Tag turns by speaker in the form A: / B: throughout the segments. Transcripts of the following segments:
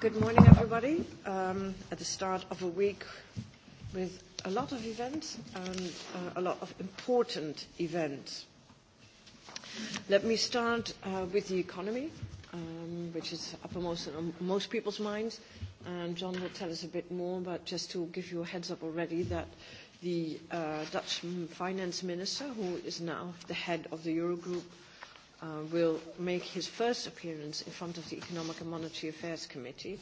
A: Good morning, everybody. Um, at the start of a week with a lot of events and uh, a lot of important events. Let me start uh, with the economy, um, which is uppermost in uh, most people's minds. And John will tell us a bit more, but just to give you a heads up already that the uh, Dutch finance minister, who is now the head of the Eurogroup, uh, will make his first appearance in front of the Economic and Monetary Affairs Committee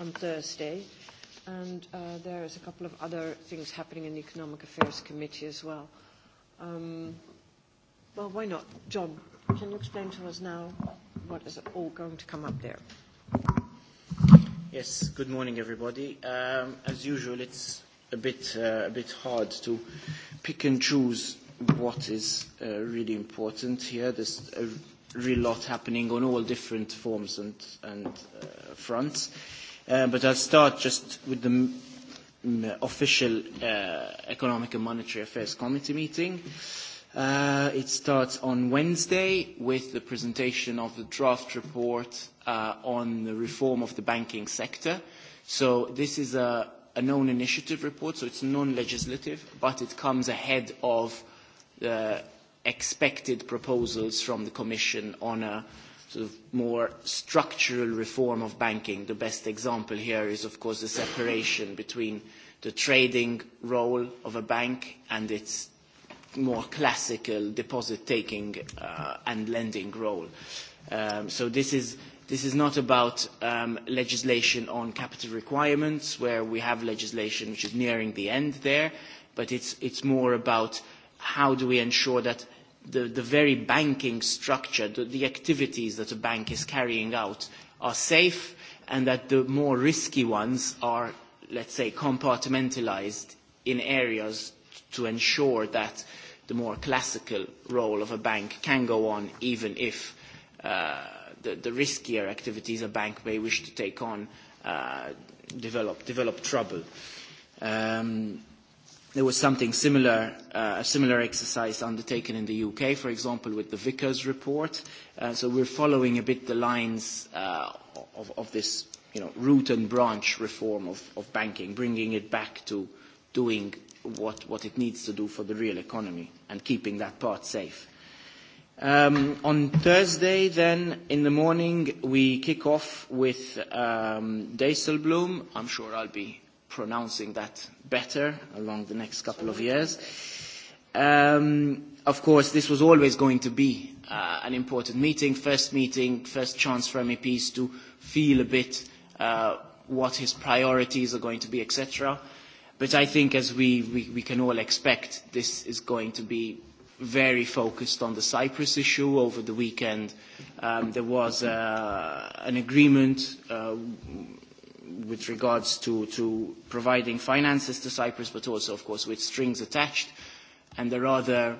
A: on Thursday. And uh, there is a couple of other things happening in the Economic Affairs Committee as well. Um, well, why not? John, can you explain to us now what is all going to come up there?
B: Yes, good morning, everybody. Um, as usual, it's a bit, uh, a bit hard to pick and choose what is uh, really important here. There's a real lot happening on all different forms and, and uh, fronts. Uh, but I'll start just with the m- official uh, Economic and Monetary Affairs Committee meeting. Uh, it starts on Wednesday with the presentation of the draft report uh, on the reform of the banking sector. So this is a, a known initiative report, so it's non-legislative, but it comes ahead of uh, expected proposals from the Commission on a sort of more structural reform of banking. The best example here is, of course, the separation between the trading role of a bank and its more classical deposit-taking uh, and lending role. Um, so this is This is not about um, legislation on capital requirements, where we have legislation which is nearing the end there, but it's, it's more about how do we ensure that the, the very banking structure, the, the activities that a bank is carrying out are safe and that the more risky ones are, let's say, compartmentalized in areas to ensure that the more classical role of a bank can go on even if uh, the, the riskier activities a bank may wish to take on uh, develop, develop trouble. Um, There was something similar, uh, a similar exercise undertaken in the UK, for example, with the Vickers report. Uh, so we're following a bit the lines uh, of, of this you know, root and branch reform of, of banking, bringing it back to doing what, what it needs to do for the real economy and keeping that part safe. Um, on Thursday, then, in the morning, we kick off with um, Dijsselbloem. I'm sure I'll be pronouncing that better along the next couple of years. Um, of course, this was always going to be uh, an important meeting, first meeting, first chance for MEPs to feel a bit uh, what his priorities are going to be, etc. But I think, as we, we, we can all expect, this is going to be very focused on the Cyprus issue over the weekend. Um, there was uh, an agreement uh, with regards to, to providing finances to Cyprus, but also, of course, with strings attached, and the rather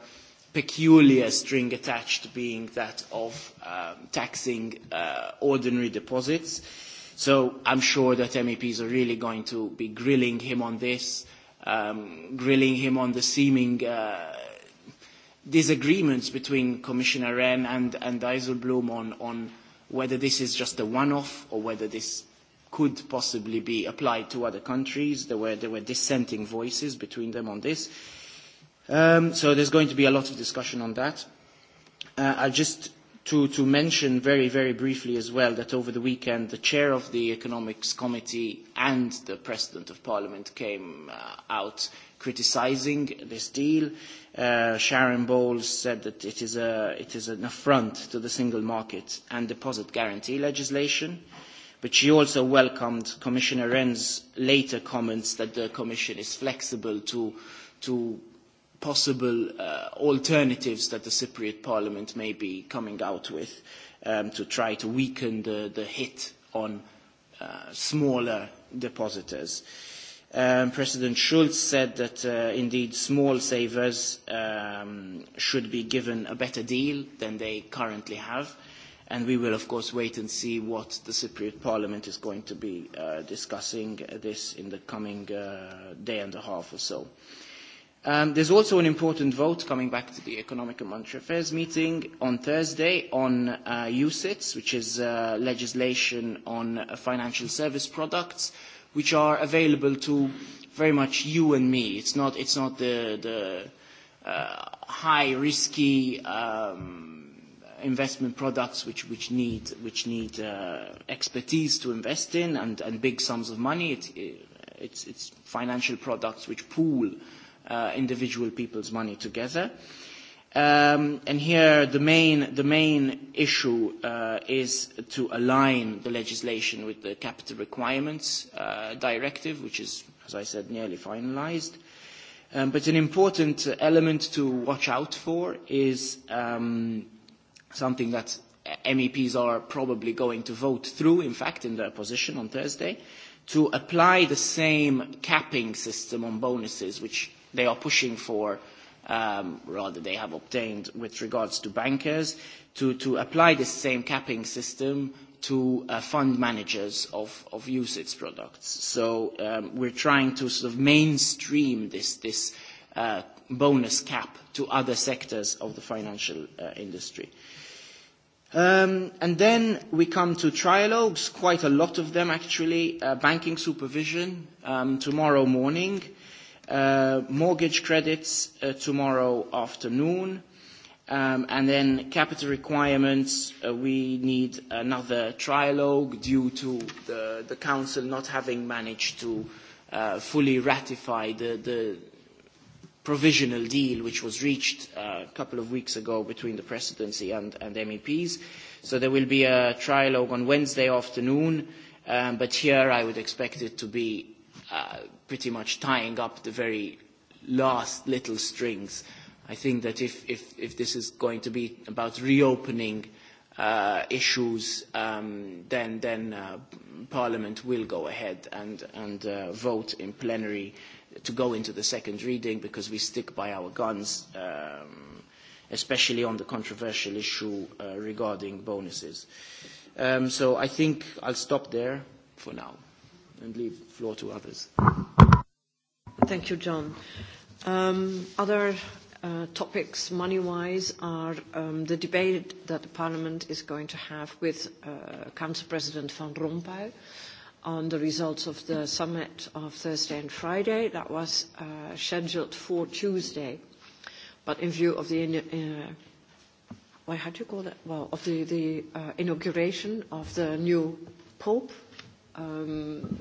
B: peculiar string attached being that of um, taxing uh, ordinary deposits. So I'm sure that MEPs are really going to be grilling him on this, um, grilling him on the seeming uh, disagreements between Commissioner Rehn and, and Dijsselbloem on, on whether this is just a one-off or whether this could possibly be applied to other countries. There were, there were dissenting voices between them on this. Um, so there's going to be a lot of discussion on that. Uh, I'll just to, to mention very, very briefly as well that over the weekend the chair of the Economics Committee and the President of Parliament came uh, out criticising this deal. Uh, Sharon Bowles said that it is, a, it is an affront to the single market and deposit guarantee legislation. Uh, but she also welcomed Commissioner Rehn's later comments that the Commission is flexible to, to possible uh, alternatives that the Cypriot Parliament may be coming out with um, to try to weaken the, the hit on uh, smaller depositors. Um, President Schulz said that uh, indeed small savers um, should be given a better deal than they currently have and we will of course wait and see what the Cypriot Parliament is going to be uh, discussing this in the coming uh, day and a half or so. Um, there's also an important vote coming back to the Economic and Monetary Affairs meeting on Thursday on uh, USITS, which is uh, legislation on uh, financial service products, which are available to very much you and me. It's not, it's not the, the uh, high risky um, investment products which, which need, which need uh, expertise to invest in and, and big sums of money. It, it's, it's financial products which pool uh, individual people's money together. Um, and here the main, the main issue uh, is to align the legislation with the Capital Requirements uh, Directive, which is, as I said, nearly finalized. Um, but an important element to watch out for is um, something that MEPs are probably going to vote through, in fact, in their position on Thursday, to apply the same capping system on bonuses which they are pushing for, um, rather they have obtained with regards to bankers, to, to apply the same capping system to uh, fund managers of, of UCITS products. So um, we're trying to sort of mainstream this, this uh, bonus cap to other sectors of the financial uh, industry. Um, and then we come to trialogues, quite a lot of them actually, uh, banking supervision um, tomorrow morning, uh, mortgage credits uh, tomorrow afternoon, um, and then capital requirements, uh, we need another trialogue due to the, the Council not having managed to uh, fully ratify the, the provisional deal which was reached uh, a couple of weeks ago between the presidency and, and MEPs. So there will be a trilogue on Wednesday afternoon, um, but here I would expect it to be uh, pretty much tying up the very last little strings. I think that if, if, if this is going to be about reopening uh, issues, um, then, then uh, Parliament will go ahead and, and uh, vote in plenary uh, to go into the second reading because we stick by our guns, um, especially on the controversial issue uh, regarding bonuses. Um, so I think I'll stop there for now and leave the floor to others.
A: Thank you, John. Um, other uh, topics, money-wise, are um, the debate that the Parliament is going to have with uh, Council President Van Rompuy on the results of the summit of Thursday and Friday. That was uh, scheduled for Tuesday. But in view of the, uh, why, how do you call that? Well, of the, the uh, inauguration of the new Pope, um,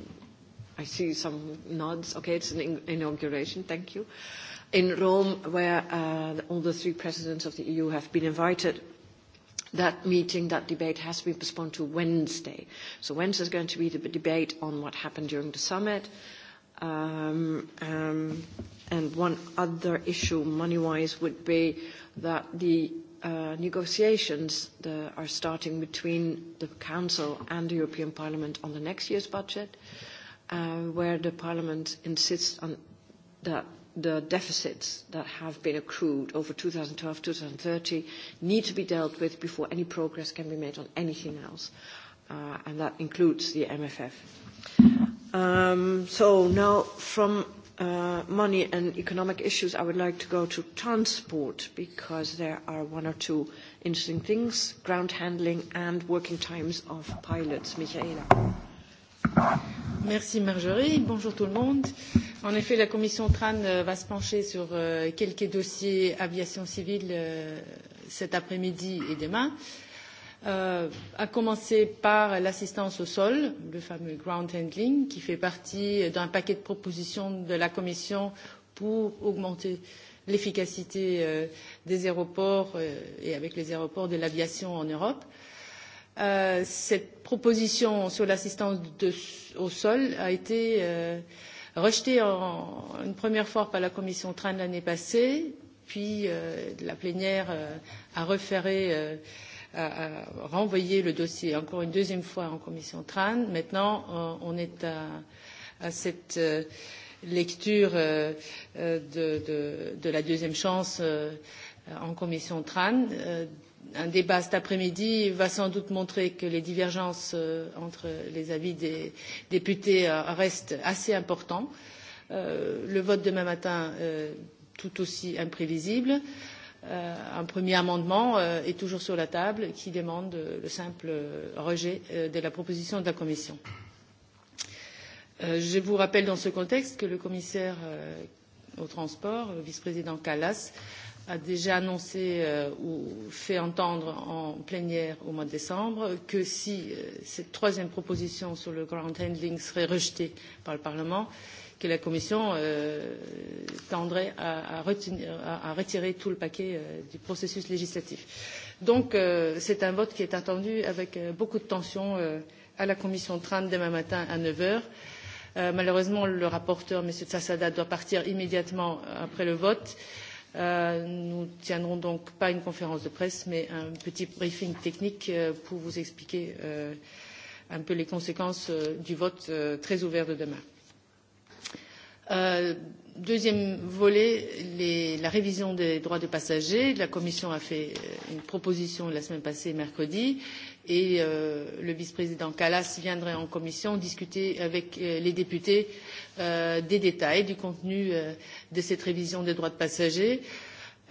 A: I see some nods. Okay, it's an inauguration. Thank you. In Rome, where uh, all the three presidents of the EU have been invited, that meeting, that debate has been postponed to Wednesday. So Wednesday is going to be the debate on what happened during the summit. Um, um, and one other issue, money-wise, would be that the uh, negotiations that are starting between the Council and the European Parliament on the next year's budget, uh, where the Parliament insists on that the deficits that have been accrued over 2012, 2030 need to be dealt with before any progress can be made on anything else, uh, and that includes the MFF. Um, so now from uh, money and economic issues, I would like to go to transport because there are one or two interesting things, ground handling and working times
C: of pilots. Michaela. Merci Marjorie. Bonjour tout le monde. En effet, la commission TRAN euh, va se pencher sur euh, quelques dossiers aviation civile euh, cet après-midi et demain, à commencer par l'assistance au sol, le fameux ground handling, qui fait partie d'un paquet de propositions de la Commission pour augmenter l'efficacité des aéroports et avec les aéroports de l'aviation en Europe. Euh, Euh, cette proposition sur l'assistance au sol a été euh, rejetée en, une première fois par la commission train l'année passée, puis euh, la plénière euh, a referré euh, renvoyé le dossier encore une deuxième fois en commission TRAN. Maintenant, on est à, à cette lecture de, de, de, la deuxième chance en commission tran. Euh, un débat cet après midi va sans doute montrer que les divergences euh, entre les avis des députés euh, restent assez importantes le vote demain matin tout aussi imprévisible un premier amendement est toujours sur la table qui demande le simple rejet de la proposition de la commission. je vous rappelle dans ce contexte que le commissaire au transport le vice président kallas a déjà annoncé euh, ou fait entendre en plénière au mois de décembre que si euh, cette troisième proposition sur le ground handling serait rejetée par le Parlement, que la Commission euh, tendrait à, à, retenir, à, à, retirer tout le paquet euh, du processus législatif. Donc euh, c'est un vote qui est attendu avec euh, beaucoup de tension à la Commission Trente demain matin à neuf heures. malheureusement, le rapporteur, M. Tsassada, doit partir immédiatement après le vote. Euh, Euh, nous ne tiendrons donc pas une conférence de presse, mais un petit briefing technique euh, pour vous expliquer euh, un peu les conséquences du vote très ouvert de demain. deuxième volet les, la révision des droits des passagers la commission a fait une proposition la semaine passée mercredi et euh, le vice-président Kallas viendrait en commission discuter avec euh, les députés euh, des détails du contenu de cette révision des droits de passagers.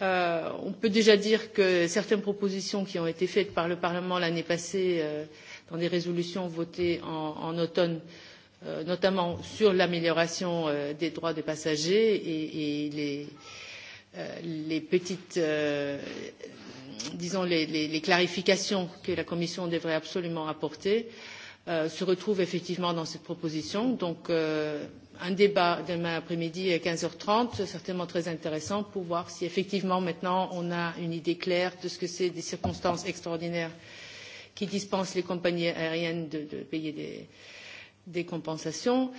C: on peut déjà dire que certaines propositions qui ont été faites par le Parlement l'année passée dans des résolutions votées en, en automne, notamment sur l'amélioration des droits des passagers et, et les, Euh, les petites euh, disons les, les, les clarifications que la Commission devrait absolument apporter euh, se retrouvent effectivement dans cette proposition. Donc un débat demain après-midi à quinze heures trente, certainement très intéressant pour voir si effectivement maintenant on a une idée claire de ce que c'est des circonstances extraordinaires qui dispensent les compagnies aériennes de, de payer des, des compensations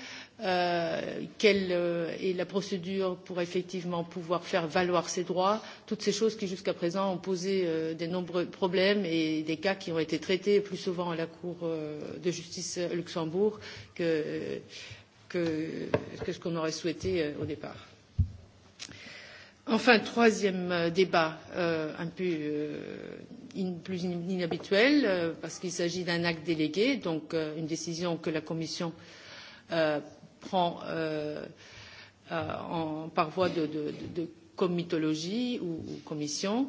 C: euh, quelle euh, est la procédure pour effectivement pouvoir faire valoir ses droits toutes ces choses qui jusqu'à présent ont posé euh, de nombreux problèmes et des cas qui ont été traités plus souvent à la cour euh, de justice à euh, luxembourg que, euh, que, que ce qu'on aurait souhaité au départ. Enfin, troisième euh, débat euh, un peu euh, plus inhabituel, parce qu'il s'agit d'un acte délégué, donc une décision que la Commission prend en, par voie de, de, de comitologie ou, ou commission.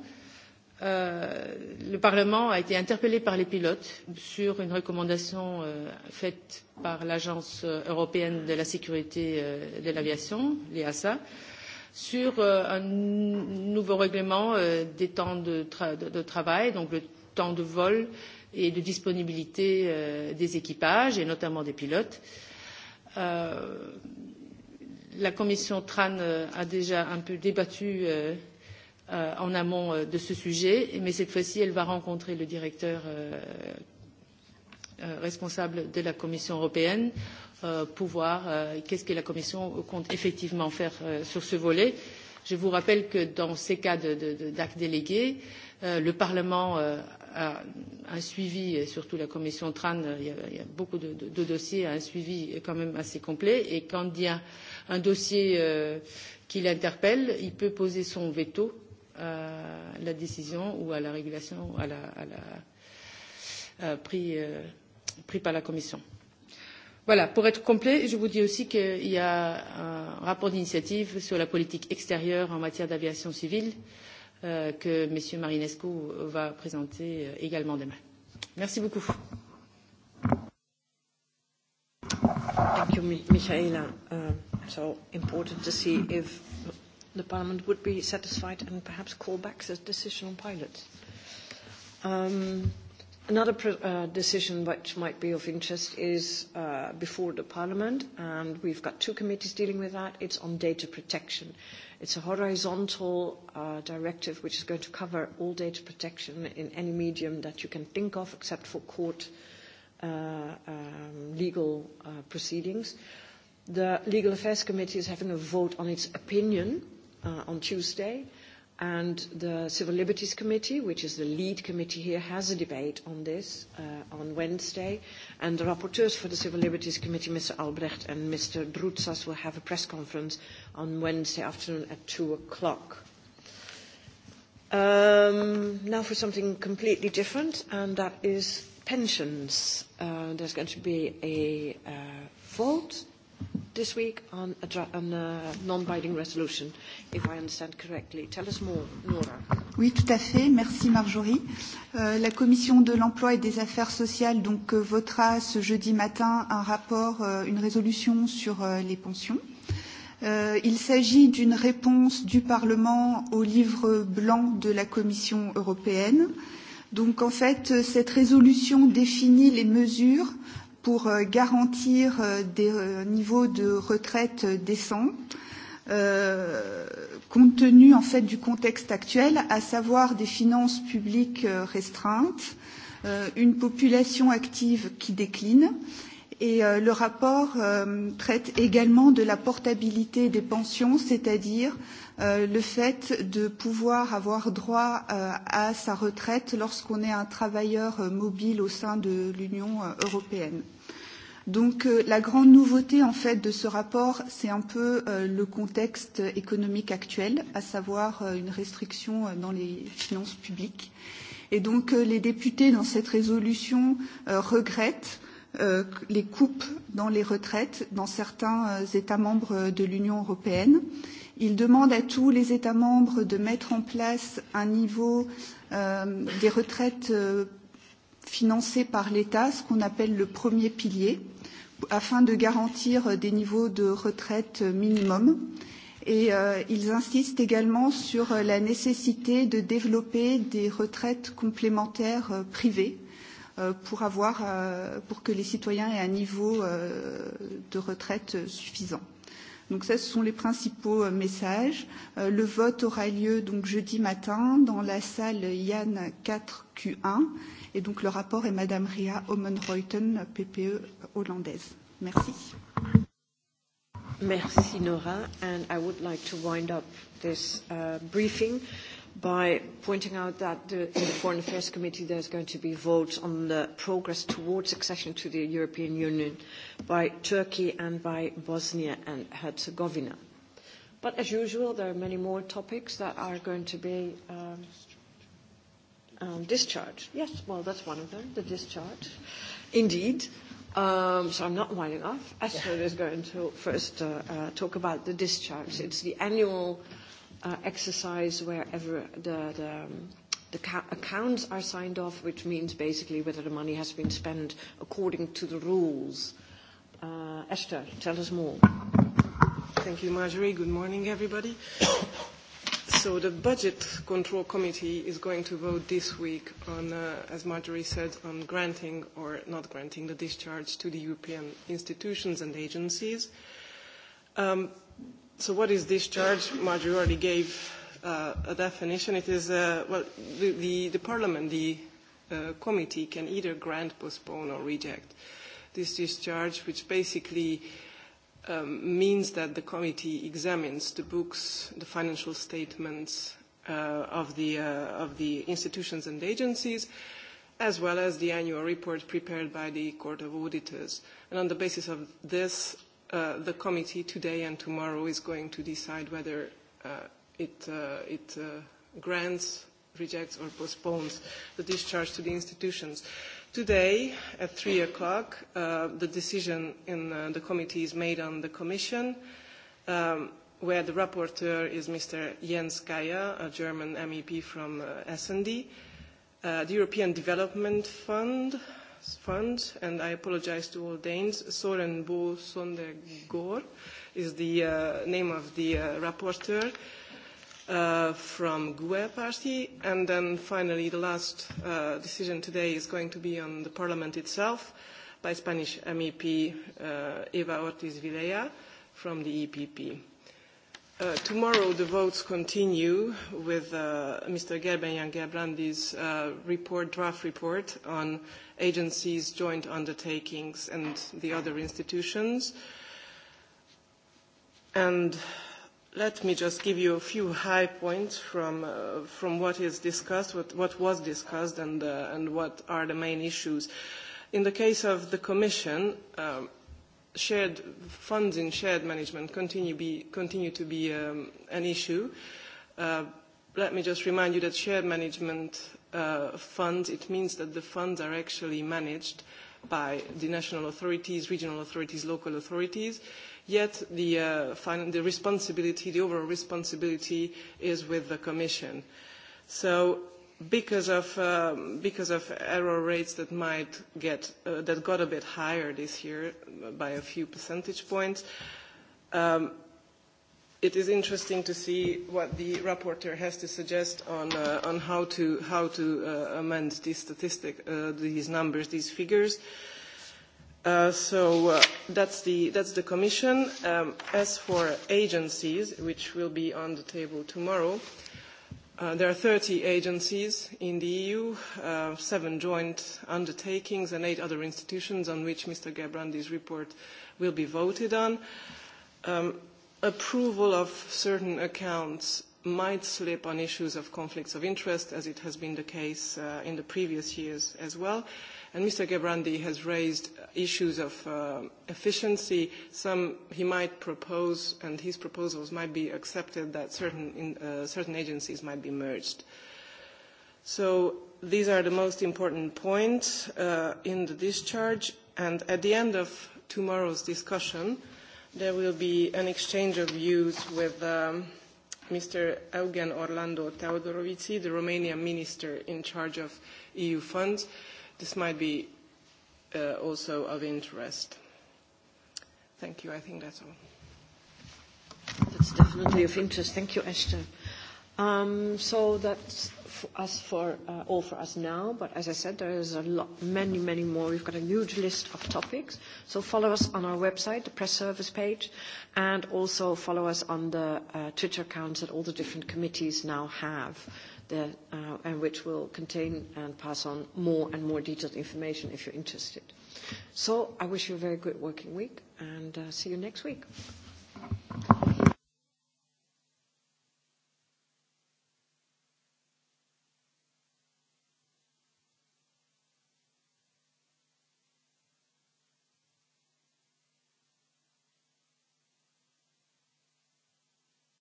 C: le Parlement a été interpellé par les pilotes sur une recommandation faite par l'Agence européenne de la sécurité de l'aviation, l'EASA, sur euh, un nouveau règlement euh, des temps de, travail, donc le temps de vol et de disponibilité euh, des équipages et notamment des pilotes. la commission TRAN a déjà un peu débattu en amont de ce sujet, mais cette fois-ci, elle va rencontrer le directeur responsable de la Commission européenne Euh, pouvoir euh, qu'est ce que la commission compte effectivement faire euh, sur ce volet. je vous rappelle que dans ces cas d'actes délégués le parlement a un suivi et surtout la commission tran il y a, il y a beaucoup de, de, de dossiers a un suivi quand même assez complet et quand il y a un dossier qui l'interpelle il peut poser son veto à la décision ou à la régulation à la, à la, à la, prise pris par la commission. Voilà, pour être complet, je vous dis aussi qu'il y a un rapport d'initiative sur la politique extérieure en matière d'aviation civile euh, que M. Marinescu va présenter euh, également demain. Merci beaucoup. Thank you, Michaela. Uh, so
A: important to see if the Parliament would be satisfied and perhaps call back the decision on pilots. Um, Another pr uh, decision which might be of interest is uh, before the Parliament, and we've got two committees dealing with that. It's on data protection. It's a horizontal uh, directive which is going to cover all data protection in any medium that you can think of, except for court uh, um, legal uh, proceedings. The Legal Affairs Committee is having a vote on its opinion uh, on Tuesday and the Civil Liberties Committee, which is the lead committee here, has a debate on this uh, on Wednesday. And the rapporteurs for the Civil Liberties Committee, Mr. Albrecht and Mr. Drutsas, will have a press conference on Wednesday afternoon at two o'clock. Um, now for something completely different, and that is pensions. Uh, there's going to be a uh, vote this week on a, on a non-binding resolution, if I understand correctly. Tell us more, Nora.
D: Oui, tout à fait. Merci, Marjorie. Euh, la Commission de l'emploi et des affaires sociales donc, euh, votera ce jeudi matin un rapport, euh, une résolution sur euh, les pensions. Euh, il s'agit d'une réponse du Parlement au livre blanc de la Commission européenne. Donc, en fait, euh, cette résolution définit les mesures pour euh, garantir euh, des euh, niveaux de retraite décents, compte tenu en fait du contexte actuel, à savoir des finances publiques restreintes, une population active qui décline. Et euh, le rapport traite également de la portabilité des pensions, c'est-à-dire euh, Euh, le fait de pouvoir avoir droit euh, à sa retraite lorsqu'on est un travailleur euh, mobile au sein de l'Union européenne. Donc la grande nouveauté en fait de ce rapport, c'est un peu euh, le contexte économique actuel, à savoir euh, une restriction dans les finances publiques. Et donc euh, les députés dans cette résolution euh, regrettent euh, les coupes dans les retraites dans certains euh, États membres de l'Union européenne. Il demande à tous les États membres de mettre en place un niveau euh, des retraites euh, financées par l'État, ce qu'on appelle le premier pilier, afin de garantir euh, des niveaux de retraite euh, minimum. Et euh, ils insistent également sur euh, la nécessité de développer des retraites complémentaires euh, privées euh, pour, avoir, euh, pour que les citoyens aient un niveau euh, de retraite suffisant. Donc ça, ce sont les principaux euh, messages. Euh, le vote aura lieu donc jeudi matin dans la salle Yann 4Q1. Et donc le rapport est Madame Ria Omenreuten, PPE hollandaise. Merci.
A: Merci Nora, and I would like to wind up this uh, briefing by pointing out that the, in the Foreign Affairs Committee there's going to be votes on the progress towards accession to the European Union by Turkey and by Bosnia and Herzegovina. But as usual, there are many more topics that are going to be um, um, discharged. Yes, well, that's one of them, the discharge. Indeed. Um, so I'm not winding off. Esther is going to first uh, uh, talk about the discharge. It's the annual Uh, exercise wherever the, the, um, the accounts are signed off, which means basically whether the money has been spent
E: according to the rules. Uh, Esther, tell us more. Thank you, Marjorie. Good morning, everybody. so the Budget Control Committee is going to vote this week on, uh, as Marjorie said, on granting or not granting the discharge to the European institutions and agencies. Um, so what is discharge? Marjorie already gave uh, a definition. It is, uh, well, the, the, the Parliament, the uh, committee can either grant, postpone or reject this discharge, which basically um, means that the committee examines the books, the financial statements uh, of, the, uh, of the institutions and agencies, as well as the annual report prepared by the Court of Auditors. And on the basis of this, uh, the committee today and tomorrow is going to decide whether uh, it, uh, it uh, grants, rejects or postpones the discharge to the institutions. Today at three o'clock, uh, the decision in uh, the committee is made on the Commission, um, where the rapporteur is Mr. Jens Kaya, a German MEP from uh, S&D. Uh, the European Development Fund, Fund, and I apologize to all Danes. Soren Bo Sondegor is the uh, name of the uh, rapporteur uh, from GUE party. And then finally, the last uh, decision today is going to be on the parliament itself by Spanish MEP uh, Eva Ortiz Vilea from the EPP. Uh, tomorrow the votes continue with uh, Mr. Gerben-Jan Gerbrandy's uh, report, draft report on agencies, joint undertakings and the other institutions. And let me just give you a few high points from, uh, from what is discussed, what, what was discussed and, uh, and what are the main issues. In the case of the Commission, uh, shared funds in shared management continue, be, continue to be um, an issue. Uh, let me just remind you that shared management uh, funds, it means that the funds are actually managed by the national authorities, regional authorities, local authorities, yet the, uh, fin the responsibility, the overall responsibility is with the Commission. So because of um because of error rates that might get uh, that got a bit higher this year by a few percentage points. Um, it is interesting to see what the rapporteur has to suggest on uh, on how to how to uh, amend these statistic uh, these numbers these figures. Uh, so uh, that's the that's the commission. Um, as for agencies, which will be on the table tomorrow. Uh, Uh, there are 30 agencies in the EU, uh, seven joint undertakings and eight other institutions on which Mr. Gerbrandy's report will be voted on. Um, approval of certain accounts might slip on issues of conflicts of interest, as it has been the case uh, in the previous years as well. And Mr. Gebrandi has raised issues of uh, efficiency. Some he might propose, and his proposals might be accepted, that certain, in, uh, certain agencies might be merged. So these are the most important points uh, in the discharge. And at the end of tomorrow's discussion, there will be an exchange of views with um, Mr. Eugen Orlando Teodorovici, the Romanian minister in charge of EU funds. This might be uh, also of interest. Thank you. I think that's all. That's definitely of interest. Thank you, Esther. Um, so that's for
A: us for uh, all for us now. But as I said, there is a lot, many, many more. We've got a huge list of topics. So follow us on our website, the press service page, and also follow us on the uh, Twitter accounts that all the different committees now have, the, uh, and which will contain and pass on more and more detailed information if you're interested. So I wish you a very good working week, and uh, see you next week.